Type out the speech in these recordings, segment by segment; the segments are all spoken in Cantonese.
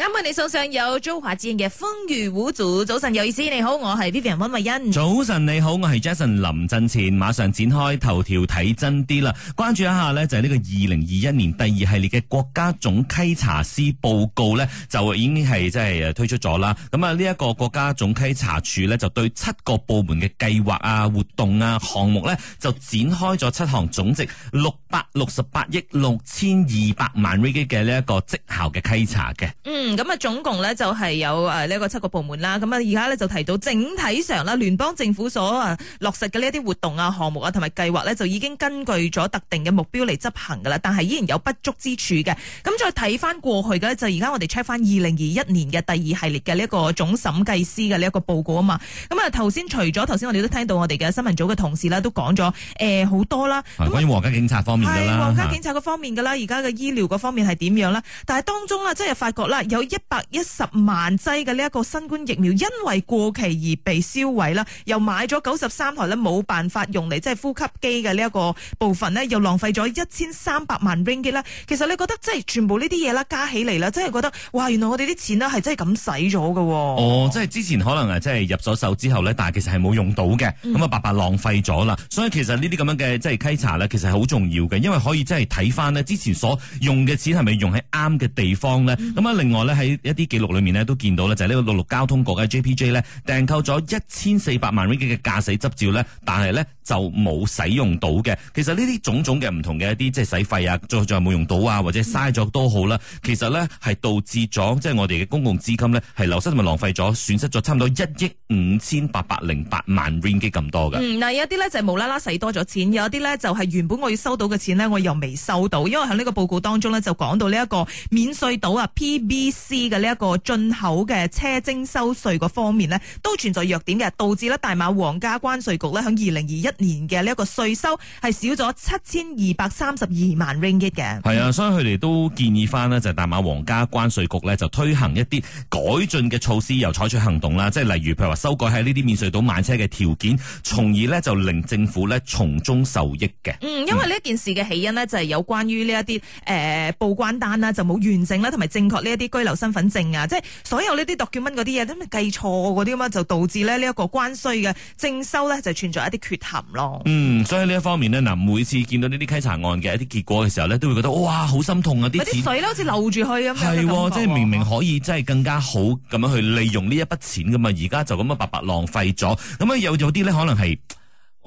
啱好你送上有周華志嘅風雨無阻，早晨有意思，你好，我係 Vivian 溫慧欣。早晨你好，我係 Jason 林振前，馬上展開頭條睇真啲啦。關注一下呢，就係呢個二零二一年第二系列嘅國家總稽查司報告呢就已經係即係推出咗啦。咁啊，呢一個國家總稽查處呢，就對七個部門嘅計劃啊、活動啊、項目呢，就展開咗七項，總值六百六十八億六千二百萬蚊嘅呢一個績效嘅稽查嘅。嗯。咁啊，總共咧就係有誒呢個七個部門啦。咁啊，而家咧就提到整體上啦，聯邦政府所啊落實嘅呢一啲活動啊、項目啊同埋計劃咧，就已經根據咗特定嘅目標嚟執行噶啦。但係依然有不足之處嘅。咁再睇翻過去嘅就而家我哋 check 翻二零二一年嘅第二系列嘅呢一個總審計師嘅呢一個報告啊嘛。咁啊，頭先除咗頭先我哋都聽到我哋嘅新聞組嘅同事咧都講咗誒好多啦。關於皇家警察方面啦，係皇家警察方面噶啦，而家嘅醫療方面係點樣啦？但係當中啦，即係發覺啦有。有一百一十萬劑嘅呢一個新冠疫苗，因為過期而被銷毀啦，又買咗九十三台咧冇辦法用嚟，即係呼吸機嘅呢一個部分咧，又浪費咗一千三百萬令吉啦。其實你覺得即係全部呢啲嘢啦，加起嚟啦，真係覺得哇，原來我哋啲錢啦係真係咁使咗㗎。哦，即係之前可能誒即係入咗手之後呢，但係其實係冇用到嘅，咁啊、嗯、白白浪費咗啦。所以其實呢啲咁樣嘅即係稽查呢，其實係好重要嘅，因為可以即係睇翻呢之前所用嘅錢係咪用喺啱嘅地方呢。咁啊、嗯，另外喺一啲記錄裏面咧，都見到咧，就呢個陸路交通局嘅 JPJ 咧訂購咗一千四百萬 ringgit 嘅駕駛執照咧，但係咧就冇使用到嘅。其實呢啲種種嘅唔同嘅一啲即係使費啊，再再冇用到啊，或者嘥咗都好啦。其實咧係導致咗即係我哋嘅公共資金咧係流失同埋浪費咗，損失咗差唔多一億五千八百零八萬 ringgit 咁多嘅。嗯，嗱有啲咧就係無啦啦使多咗錢，有啲咧就係原本我要收到嘅錢咧，我又未收到，因為喺呢個報告當中咧就講到呢一個免稅島啊 PB。私嘅呢一個進口嘅車徵收稅個方面咧，都存在弱點嘅，導致咧大馬皇家關稅局咧響二零二一年嘅呢一個稅收係少咗七千二百三十二萬 ringgit 嘅。係啊，所以佢哋都建議翻咧就大馬皇家關稅局咧就推行一啲改進嘅措施，又採取行動啦，即係例如譬如話修改喺呢啲免稅島買車嘅條件，從而咧就令政府咧從中受益嘅。嗯，因為呢件事嘅起因咧就係有關於呢一啲誒報關單啦，就冇完整啦，同埋正確呢一啲居有身份證啊，即係所有呢啲度叫蚊嗰啲嘢，都咪計錯嗰啲嘛，就導致咧呢一個關稅嘅徵收咧就存在一啲缺陷咯。嗯，所以呢一方面咧，嗱，每次見到呢啲稽查案嘅一啲結果嘅時候咧，都會覺得哇，好心痛啊！啲水咧好似漏住去咁，係即係明明可以即係更加好咁樣去利用呢一筆錢噶嘛，而家就咁樣白白浪費咗，咁樣有有啲咧可能係。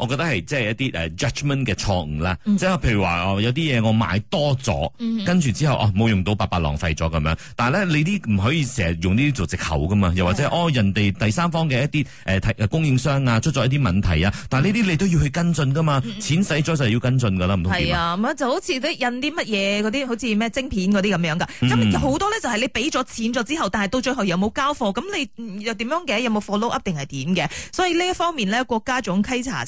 我覺得係即係一啲 judgment 嘅錯誤啦，即係、嗯、譬如話有啲嘢我買多咗，嗯、哼跟住之後哦冇用到白白浪費咗咁樣。但係咧，你啲唔可以成日用呢啲做藉口噶嘛？又或者的哦人哋第三方嘅一啲誒提供應商啊出咗一啲問題啊，但呢啲你都要去跟進噶嘛？嗯、錢使咗就係要跟進噶啦，唔通點啊？咁就好似啲印啲乜嘢嗰啲，好似咩晶片嗰啲咁樣噶。咁好、嗯、多咧就係你俾咗錢咗之後，但係到最後有冇交貨？咁你又點樣嘅？有冇 follow up 定係點嘅？所以呢一方面咧，國家總稽查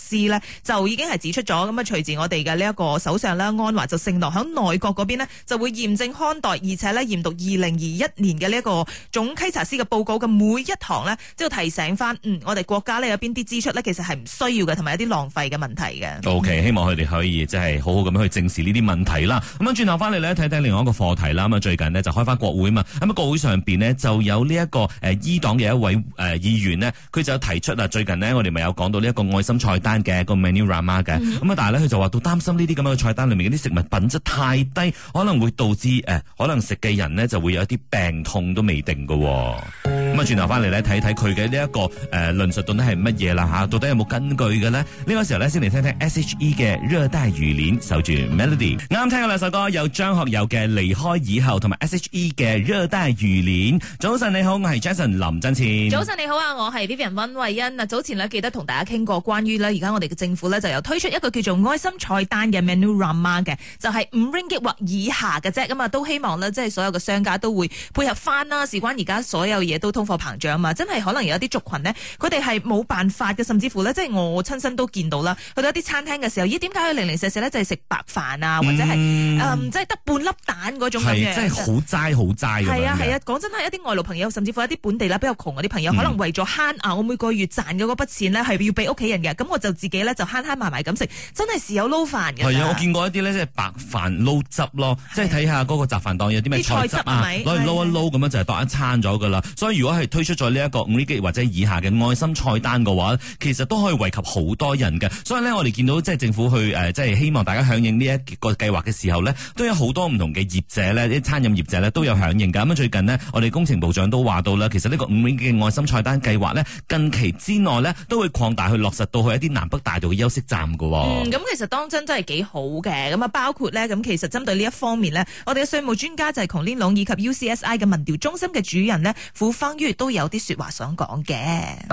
就已經係指出咗咁啊！隨住我哋嘅呢一個首相咧，安華就承諾響內閣嗰邊就會驗證看待，而且呢，研讀二零二一年嘅呢一個總稽查司嘅報告嘅每一堂呢，都要提醒翻嗯，我哋國家呢，有邊啲支出呢？其實係唔需要嘅，同埋一啲浪費嘅問題嘅。O.K. 希望佢哋可以即係、就是、好好咁樣去正視呢啲問題啦。咁啊，轉頭翻嚟呢，睇睇另外一個課題啦。咁啊，最近呢，就開翻國會嘛。咁啊，國會上邊呢，就有呢、這、一個誒，伊黨嘅一位誒、呃、議員呢，佢就有提出啊，最近呢，我哋咪有講到呢一個愛心菜單。嘅個 menurama 嘅，咁啊，但係咧，佢就話到擔心呢啲咁樣嘅菜單裏面嗰啲食物品質太低，可能會導致、呃、可能食嘅人咧就會有一啲病痛都未定㗎喎、哦。咁啊，轉頭翻嚟咧睇睇佢嘅呢一個誒論述到底係乜嘢啦嚇？到底有冇根據嘅咧？呢個時候咧，先嚟聽聽 SHE 嘅《熱帶雨林》守住 Melody。啱啱聽過兩首歌，有張學友嘅《離開以後》同埋 SHE 嘅《熱帶雨林》。早晨你好，我係 Jason 林振前。早晨你好啊，我係 Vivian 溫慧欣啊。早前咧記得同大家傾過關於咧而家我哋嘅政府咧就有推出一個叫做愛心菜單嘅 menu rama 嘅，就係五 ringgit 或以下嘅啫。咁啊，都希望咧即係所有嘅商家都會配合翻啦。事關而家所有嘢都通。膨脹嘛，真係可能有一啲族群呢，佢哋係冇辦法嘅，甚至乎呢，即係我親身都見到啦。去到一啲餐廳嘅時候，咦？點解佢零零舍舍呢？就係食白飯啊，或者係誒、嗯嗯，即係得半粒蛋嗰種咁嘅，係真係好齋好齋。係啊係啊，講、啊啊、真係一啲外勞朋友，甚至乎一啲本地啦，比較窮嗰啲朋友，嗯、可能為咗慳啊，我每個月賺嘅嗰筆錢呢，係要俾屋企人嘅，咁我就自己呢，就慳慳埋埋咁食，真係時有撈飯嘅。係啊，我見過一啲呢，即係白飯撈汁咯，啊、即係睇下嗰個雜飯檔有啲咩菜汁啊，攞嚟撈一撈咁樣就係當一餐咗噶啦。啊、所以如果係推出咗呢一個五蚊雞或者以下嘅愛心菜單嘅話，其實都可以惠及好多人嘅。所以呢，我哋見到即係政府去誒，即、呃、係希望大家響應呢一個計劃嘅時候呢，都有好多唔同嘅業者呢，啲餐飲業者呢都有響應嘅。咁最近呢，我哋工程部長都話到啦，其實呢個五蚊雞愛心菜單計劃呢，近期之內呢，都會擴大去落實到去一啲南北大道嘅休息站嘅。嗯，咁其實當真真係幾好嘅。咁啊，包括呢，咁其實針對呢一方面呢，我哋嘅稅務專家就係 Kong Lien Long 以及 UCSI 嘅民調中心嘅主任呢。方都有啲說話想講嘅，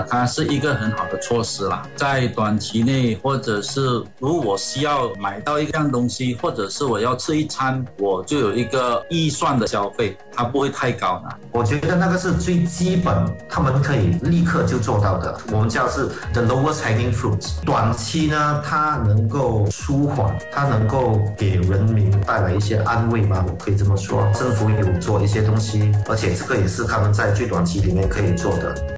它是一個很好的措施啦。在短期內，或者是如果我需要買到一樣東西，或者是我要吃一餐，我就有一個預算的消費，它不會太高啦。我覺得那個是最基本，他們可以立刻就做到的。我們叫做是 the lowest hanging fruit。短期呢，它能夠舒緩，它能夠給人民帶來一些安慰嘛，我可以這麼說。政府有做一些東西，而且這個也是他們在最短期。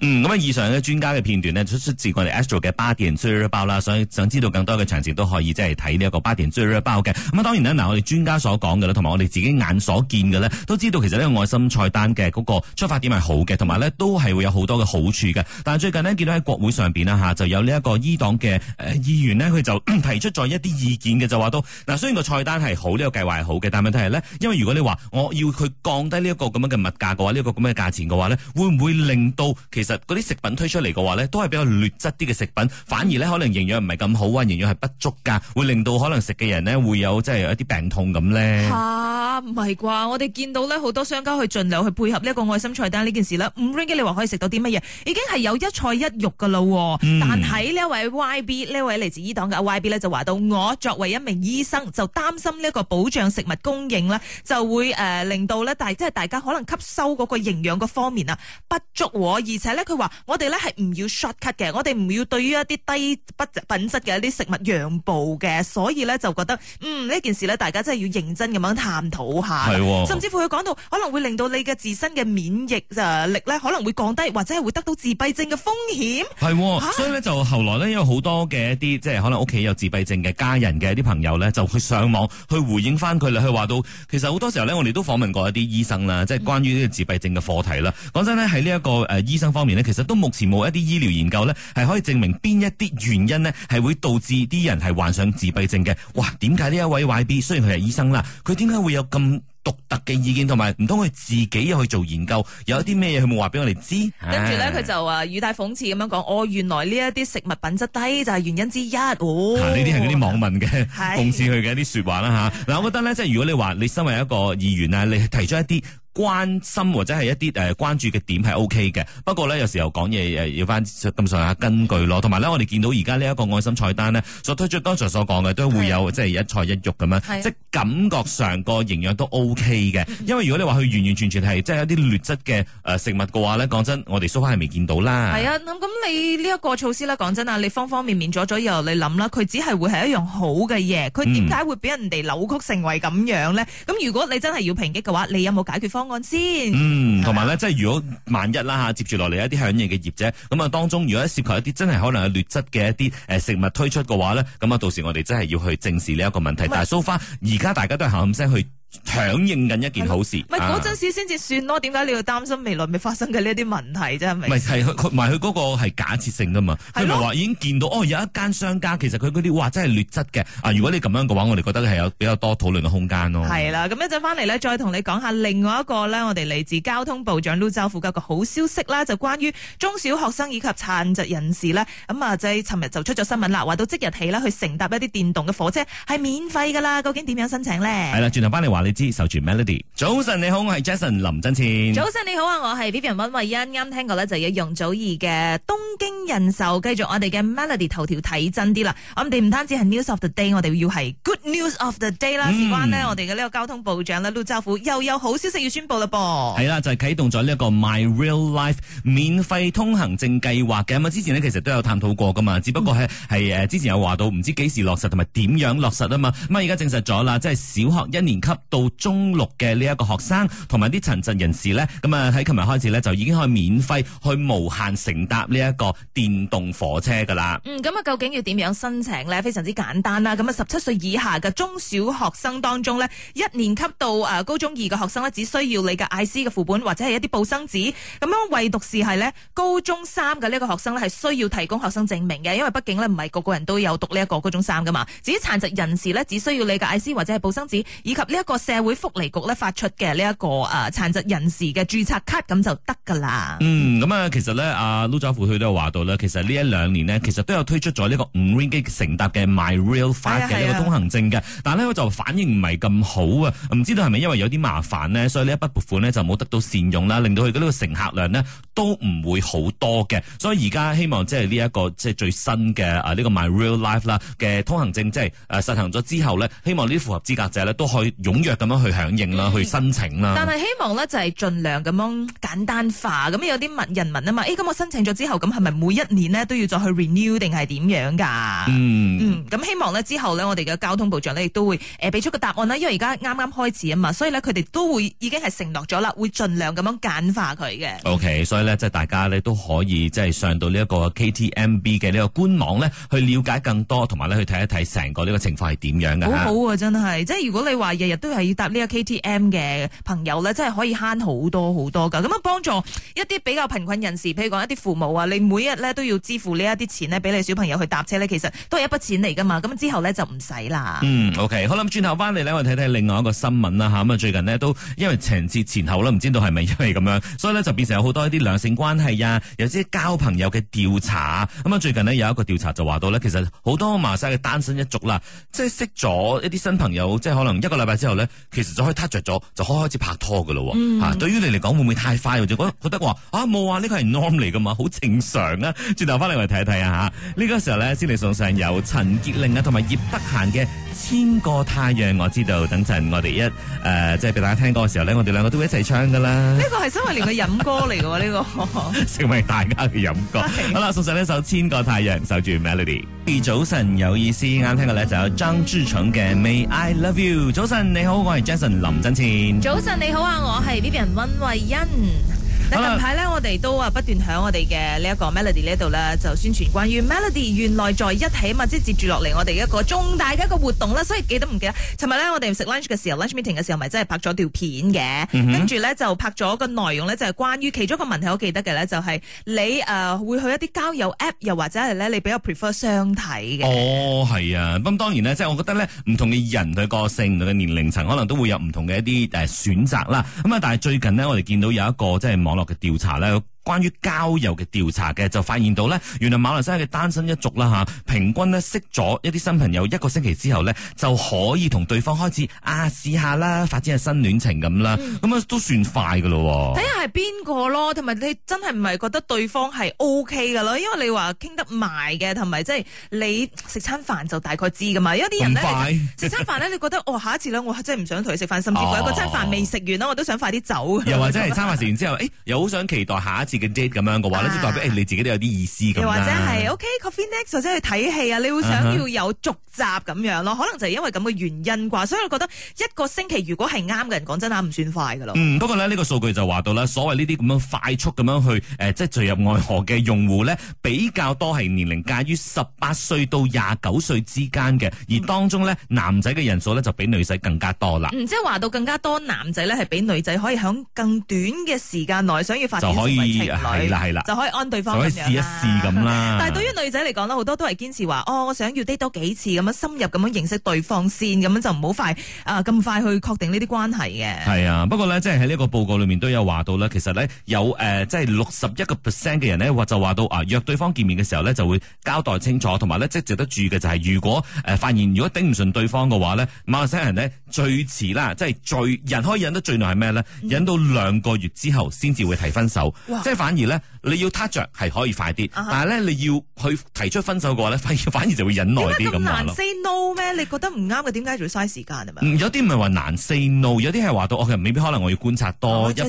嗯，咁啊，以上呢，專家嘅片段呢，出出自我哋 Astro 嘅巴電最熱爆啦，所以想知道更多嘅詳情都可以即係睇呢一個巴電最熱爆嘅。咁當當然啦，嗱我哋專家所講嘅啦，同埋我哋自己眼所見嘅咧，都知道其實呢個愛心菜單嘅嗰個出發點係好嘅，同埋咧都係會有好多嘅好處嘅。但係最近呢，見到喺國會上面啦、啊、就有呢一個伊黨嘅、呃、議員呢，佢就 提出咗一啲意見嘅，就話都嗱，雖然個菜單係好，呢、呢個計劃係好嘅，但問題係呢，因為如果你話我要佢降低呢一個咁樣嘅物價嘅話，呢、呢個咁嘅價錢嘅話呢。」會唔會令到其實嗰啲食品推出嚟嘅話咧，都係比較劣質啲嘅食品，反而咧可能營養唔係咁好啊，營養係不足噶，會令到可能食嘅人呢會有即係有一啲病痛咁咧。吓、啊，唔係啩？我哋見到咧好多商家去盡量去配合呢一個愛心菜單呢件事啦。唔 Ringgit 你話可以食到啲乜嘢？已經係有一菜一肉噶喎。嗯、但喺呢一位 YB，呢位嚟自伊黨嘅 YB 咧就話到，我作為一名醫生，就擔心呢個保障食物供應呢，就會誒、呃、令到咧，但係即係大家可能吸收嗰個營養個方面啊。不足、哦，而且咧，佢話我哋咧係唔要 short cut 嘅，我哋唔要對於一啲低不品質嘅一啲食物讓步嘅，所以咧就覺得嗯呢件事呢，大家真係要認真咁樣探討下。係、哦，甚至乎佢講到可能會令到你嘅自身嘅免疫力咧，可能會降低或者會得到自閉症嘅風險。係、哦，啊、所以咧就後來呢，有好多嘅一啲即係可能屋企有自閉症嘅家人嘅一啲朋友咧，就去上網去回應翻佢啦。佢話到其實好多時候呢，我哋都訪問過一啲醫生啦，即係關於呢個自閉症嘅課題啦。講、嗯、真喺呢一個誒醫生方面呢，其實都目前冇一啲醫療研究呢係可以證明邊一啲原因呢係會導致啲人係患上自閉症嘅。哇，點解呢一位 YB 雖然佢係醫生啦，佢點解會有咁獨特嘅意見，同埋唔通佢自己又去做研究，有一啲咩嘢佢冇話俾我哋知？跟住咧，佢就話語帶諷刺咁樣講，我、哦、原來呢一啲食物品質低就係原因之一。哦，呢啲係嗰啲網民嘅諷是刺佢嘅一啲說話啦吓。嗱， 我覺得呢，即係如果你話你身為一個議員啊，你提出一啲。關心或者係一啲誒關注嘅點係 O K 嘅，不過咧有時候講嘢要翻咁上下根據咯，同埋咧我哋見到而家呢一個愛心菜單呢，所推出剛才所講嘅都會有即係一菜一肉咁樣，的即感覺上個營養都 O K 嘅，因為如果你話佢完完全全係即係一啲劣質嘅誒食物嘅話咧，講真我哋 so far 係未見到啦。係啊，咁你呢一個措施啦講真啊，你方方面面咗咗以後你諗啦，佢只係會係一樣好嘅嘢，佢點解會俾人哋扭曲成為咁樣咧？咁、嗯、如果你真係要抨擊嘅話，你有冇解決方法？案先，嗯，同埋咧，即係如果萬一啦嚇、啊，接住落嚟一啲響應嘅業者，咁啊當中，如果涉及一啲真係可能係劣質嘅一啲誒食物推出嘅話咧，咁啊到時我哋真係要去正視呢一個問題。是但係 so far，而家大家都係喊聲去。響應緊一件好事，咪嗰陣時先至算咯。點解、啊、你要擔心未來未發生嘅呢一啲問題啫？係咪？咪係，佢咪佢嗰個係假設性噶嘛，佢咪話已經見到哦，有一間商家其實佢嗰啲話真係劣質嘅。啊，如果你咁樣嘅話，我哋覺得係有比較多討論嘅空間咯。係啦，咁一陣翻嚟咧，再同你講下另外一個咧，我哋嚟自交通部長陸兆福嘅好消息啦，就關於中小學生以及殘疾人士咧，咁啊，就係尋日就出咗新聞啦，話到即日起啦，去乘搭一啲電動嘅火車係免費噶啦。究竟點樣申請咧？係啦，轉頭翻嚟話。你知守住 melody。早晨你好，我係 Jason 林振前。早晨你好啊，我係 Vivian 文慧欣。啱聽過咧就係容祖兒嘅《東京人壽》。繼續我哋嘅 melody 頭條睇真啲啦。我哋唔單止係 news of the day，我哋要係 good news of the day 啦、嗯。事關呢，我哋嘅呢個交通部長啦，陸兆福又有好消息要宣布啦噃。係啦、啊，就係、是、啟動咗呢一個 my real life 免費通行證計劃嘅。咁啊，之前呢，其實都有探討過噶嘛，只不過係係誒之前有話到唔知幾時落實同埋點樣落實啊嘛。咁啊，而家證實咗啦，即係小學一年級。到中六嘅呢一個學生同埋啲殘疾人士呢，咁啊喺琴日開始呢，就已經可以免費去無限乘搭呢一個電動火車噶啦。嗯，咁啊究竟要點樣申請呢？非常之簡單啦。咁啊十七歲以下嘅中小學生當中呢，一年級到啊高中二嘅學生呢，只需要你嘅 I.C. 嘅副本或者係一啲報生紙。咁樣唯獨是係呢，高中三嘅呢一個學生呢，係需要提供學生證明嘅，因為畢竟呢，唔係個個人都有讀呢一個高中三噶嘛。至於殘疾人士呢，只需要你嘅 I.C. 或者係報生紙以及呢、這、一個。社會福利局咧發出嘅呢一個誒、呃、殘疾人士嘅註冊卡咁就得噶啦。嗯，咁、嗯嗯、啊，其實咧阿盧展富佢都有話到啦，其實呢一兩年呢，嗯、其實都有推出咗呢個五輪機乘搭嘅 My Real Life 嘅一個通行證嘅，嗯、但係咧就反應唔係咁好啊，唔知道係咪因為有啲麻煩呢，所以呢一筆撥款呢就冇得到善用啦，令到佢嘅呢個乘客量呢都唔會好多嘅，所以而家希望即係呢一個即係、就是、最新嘅啊呢、這個 My Real Life 啦嘅通行證，即係誒實行咗之後呢，希望呢啲符合資格者呢都可以擁。約咁樣去響應啦，去申請啦。但係希望咧就係盡量咁樣簡單化，咁有啲民人民啊嘛，誒咁我申請咗之後，咁係咪每一年咧都要再去 renew 定係點樣噶？嗯嗯，咁希望咧之後咧，我哋嘅交通部長咧亦都會誒俾出個答案啦，因為而家啱啱開始啊嘛，所以咧佢哋都會已經係承諾咗啦，會盡量咁樣簡化佢嘅。OK，所以咧即係大家咧都可以即係上到呢一個 KTMB 嘅呢個官網咧，去了解更多，同埋咧去睇一睇成個呢個情況係點樣嘅。好好啊，真係，即係如果你話日日都。係要搭呢個 KTM 嘅朋友咧，真係可以慳好多好多噶。咁樣，幫助一啲比較貧困人士，譬如講一啲父母啊，你每日咧都要支付呢一啲錢咧，俾你小朋友去搭車咧，其實都係一筆錢嚟噶嘛。咁之後咧就唔使啦。嗯，OK，好啦，咁轉頭翻嚟咧，我哋睇睇另外一個新聞啦吓。咁啊，最近呢，都因為情人節前後啦，唔知道係咪因為咁樣，所以咧就變成有好多一啲兩性關係啊，有啲交朋友嘅調查。咁啊，最近呢，有一個調查就話到咧，其實好多馬莎嘅單身一族啦，即係識咗一啲新朋友，即係可能一個禮拜之後咧。其實就可以撻着咗，就可開始拍拖噶咯。吓、嗯啊，對於你嚟講會唔會太快？就覺得覺得話啊冇啊，呢、啊這個係 norm 嚟噶嘛，好正常啊。轉頭翻嚟我哋睇一睇啊吓。呢、這個時候咧先嚟送上由陳潔玲啊同埋葉德嫻嘅《千個太陽》，我知道。等陣我哋一誒、呃，即係俾大家聽歌嘅時候咧，我哋兩個都會一齊唱噶啦。呢個係新民聯嘅飲歌嚟噶喎，呢、 這個 成為大家嘅飲歌。 好啦，送上呢首《千個太陽》，守住 Melody。早晨有意思，啱聽嘅咧就有張智成嘅《May I Love You》。早晨你好。好，好，我係 Jason 林振前。早晨你好啊，我係 B B 人溫慧欣。近排咧，我哋都啊不斷響我哋嘅呢一個 Melody 呢度咧，就宣傳關於 Melody 原來在一起嘛，即係接住落嚟我哋一個重大嘅一個活動啦。所以記得唔記得？尋日咧，我哋食 lunch 嘅時候，lunch meeting 嘅時候，咪、mm hmm。真係拍咗條片嘅，跟住咧就拍咗個內容咧，就係關於其中一個問題我記得嘅咧就係、是、你誒、呃、會去一啲交友 app，又或者係咧你比較 prefer 相睇嘅。哦，係啊，咁當然咧，即、就、係、是、我覺得咧，唔同嘅人、同個性、同嘅年齡層可能都會有唔同嘅一啲誒選擇啦。咁啊，但係最近呢，我哋見到有一個即係、就是、網絡。嘅調查咧。關於交友嘅調查嘅，就發現到咧，原來馬來西亞嘅單身一族啦吓，平均咧，識咗一啲新朋友一個星期之後咧，就可以同對方開始啊試下啦，發展下新戀情咁啦，咁啊、嗯、都算快噶咯喎！睇下係邊個咯，同埋你真係唔係覺得對方係 O K 㗎咯？因為你話傾得埋嘅，同埋即係你食餐飯就大概知噶嘛。有啲人食餐飯咧，你覺得哦，下一次呢，我真係唔想同佢食飯，甚至乎一個餐飯未食完啦，我都想快啲走。又或者係餐飯食完之後，又好、欸、想期待下一次。咁樣嘅話咧，即、啊、代表你自己都有啲意思咁，又或者係、啊、OK coffee next，或者去睇戲啊，你會想要有續集咁樣咯？Uh、huh，可能就因為咁嘅原因啩，所以我覺得一個星期如果係啱嘅人，講真嚇唔算快嘅咯。不過咧呢、這個數據就話到咧，所謂呢啲咁樣快速咁樣去誒、呃，即係墜入愛河嘅用戶咧，比較多係年齡介於十八歲到廿九歲之間嘅，而當中咧男仔嘅人數咧就比女仔更加多啦。即係話到更加多男仔咧係比女仔可以響更短嘅時間內想要發展。就可以。係啦，係啦，是是就可以按對方，就可以試一試咁啦。但係對於女仔嚟講咧，好多都係堅持話，哦，我想要 date 多幾次咁樣深入咁樣認識對方先，咁樣就唔好快啊咁、呃、快去確定呢啲關係嘅。係啊，不過呢，即係喺呢個報告裏面都有話到呢，其實呢，有誒，即係六十一個 percent 嘅人呢，或就話到啊，約對方見面嘅時候呢，就會交代清楚，同埋呢，即係值得注意嘅就係、是，如果誒、呃、發現如果頂唔順對方嘅話呢，某些人呢，最遲啦，即、就、係、是、最人可以忍得最耐係咩呢？忍到兩個月之後先至會提分手，反而咧，你要撻着係可以快啲，啊、但係咧，你要去提出分手嘅話咧，反而反而就會忍耐啲咁啊！咁難 say no 咩？ 你覺得唔啱嘅，點解仲要嘥時間啊？唔、嗯，有啲唔係話難 say no，有啲係話到，我其實未必可能我要觀察多一排，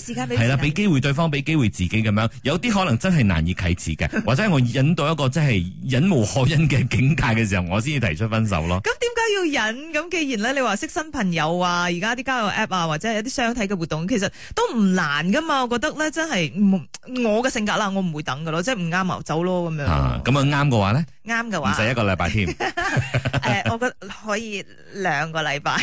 係啦、啊，俾機會對方，俾機會自己咁樣。有啲可能真係難以啟齒嘅，或者我忍到一個真係忍無可忍嘅境界嘅時候， 我先要提出分手咯。咁點解要忍？咁既然咧，你話識新朋友啊，而家啲交友 app 啊，或者係一啲相睇嘅活動，其實都唔難噶嘛。我覺得咧，真係。唔，我嘅性格啦，我唔會等噶咯，即係唔啱咪走咯，咁樣。咁啊啱嘅話咧？啱嘅話，唔使一個禮拜添。誒、 呃，我覺可以兩個禮拜。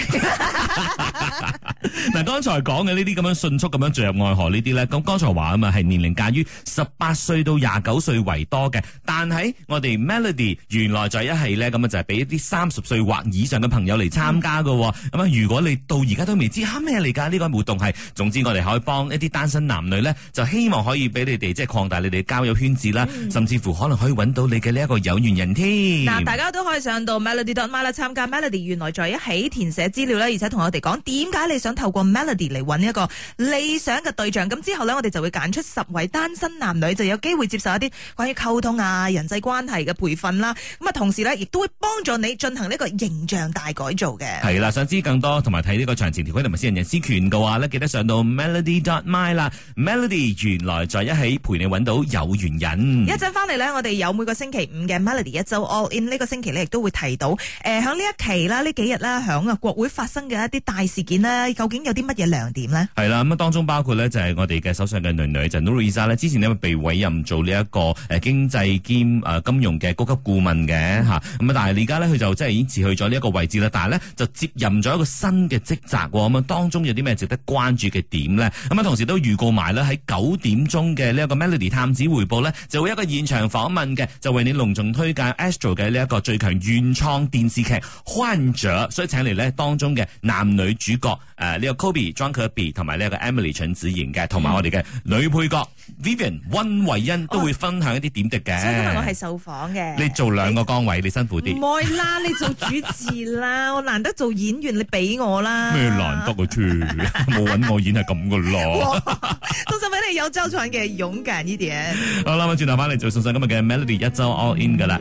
嗱， 剛才講嘅呢啲咁樣迅速咁樣進入愛河呢啲咧，咁剛才話啊嘛，係年齡介於十八歲到廿九歲為多嘅。但係我哋 Melody 原來就係一係咧，咁啊就係、是、俾一啲三十歲或以上嘅朋友嚟參加喎。咁啊、嗯，如果你到而家都未知吓咩嚟噶呢個活動係，總之我哋可以幫一啲單身男女咧，就希望可以俾你哋即係擴大你哋交友圈子啦，嗯、甚至乎可能可以揾到你嘅呢一個友人添嗱，大家都可以上到 melody.dot.my 啦，參加 melody 原來在一起填寫資料啦，而且同我哋講點解你想透過 melody 嚟搵一個理想嘅對象，咁之後呢，我哋就會揀出十位單身男女，就有機會接受一啲關於溝通啊、人際關係嘅培訓啦，咁啊同時呢，亦都會幫助你進行呢個形象大改造嘅。係啦，想知更多同埋睇呢個詳情條規同埋私人，人私權嘅話咧，記得上到 melody.dot.my 啦，melody 原來在一起陪你揾到有緣人。一陣翻嚟呢，我哋有每個星期五嘅 melody。一周 all in 呢個星期咧，亦都會提到誒，響、呃、呢一期啦，呢幾日啦，響啊國會發生嘅一啲大事件啦，究竟有啲乜嘢亮點呢？係啦，咁啊當中包括呢，就係、是、我哋嘅首相嘅女女就 Nuria 之前咧係被委任做呢一個誒經濟兼誒金融嘅高級顧問嘅吓，咁啊但係而家呢，佢就真係已經辭去咗呢一個位置啦，但係呢，就接任咗一個新嘅職責，咁啊當中有啲咩值得關注嘅點呢？咁啊同時都預告埋呢，喺九點鐘嘅呢一個 Melody 探子回報呢，就會一個現場訪問嘅，就為你隆重推介 Astro 嘅呢一個最強原創電視劇《患者》，所以請嚟咧當中嘅男女主角誒呢、呃這個 Kobe Jonker B 同埋呢個 Emily 秦子瑩嘅，同埋我哋嘅女配角 Vivian 温慧欣都會分享一啲點滴嘅、哦。所以今日我係受訪嘅。你做兩個崗位，欸、你辛苦啲。唔愛啦，你做主持啦， 我難得做演員，你俾我啦。咩難得嘅？冇揾 我演係咁嘅啦。送上俾你有周傳嘅勇敢啲嘢。好啦，我轉頭翻嚟就送上今日嘅 Melody 一周 All In 嘅啦。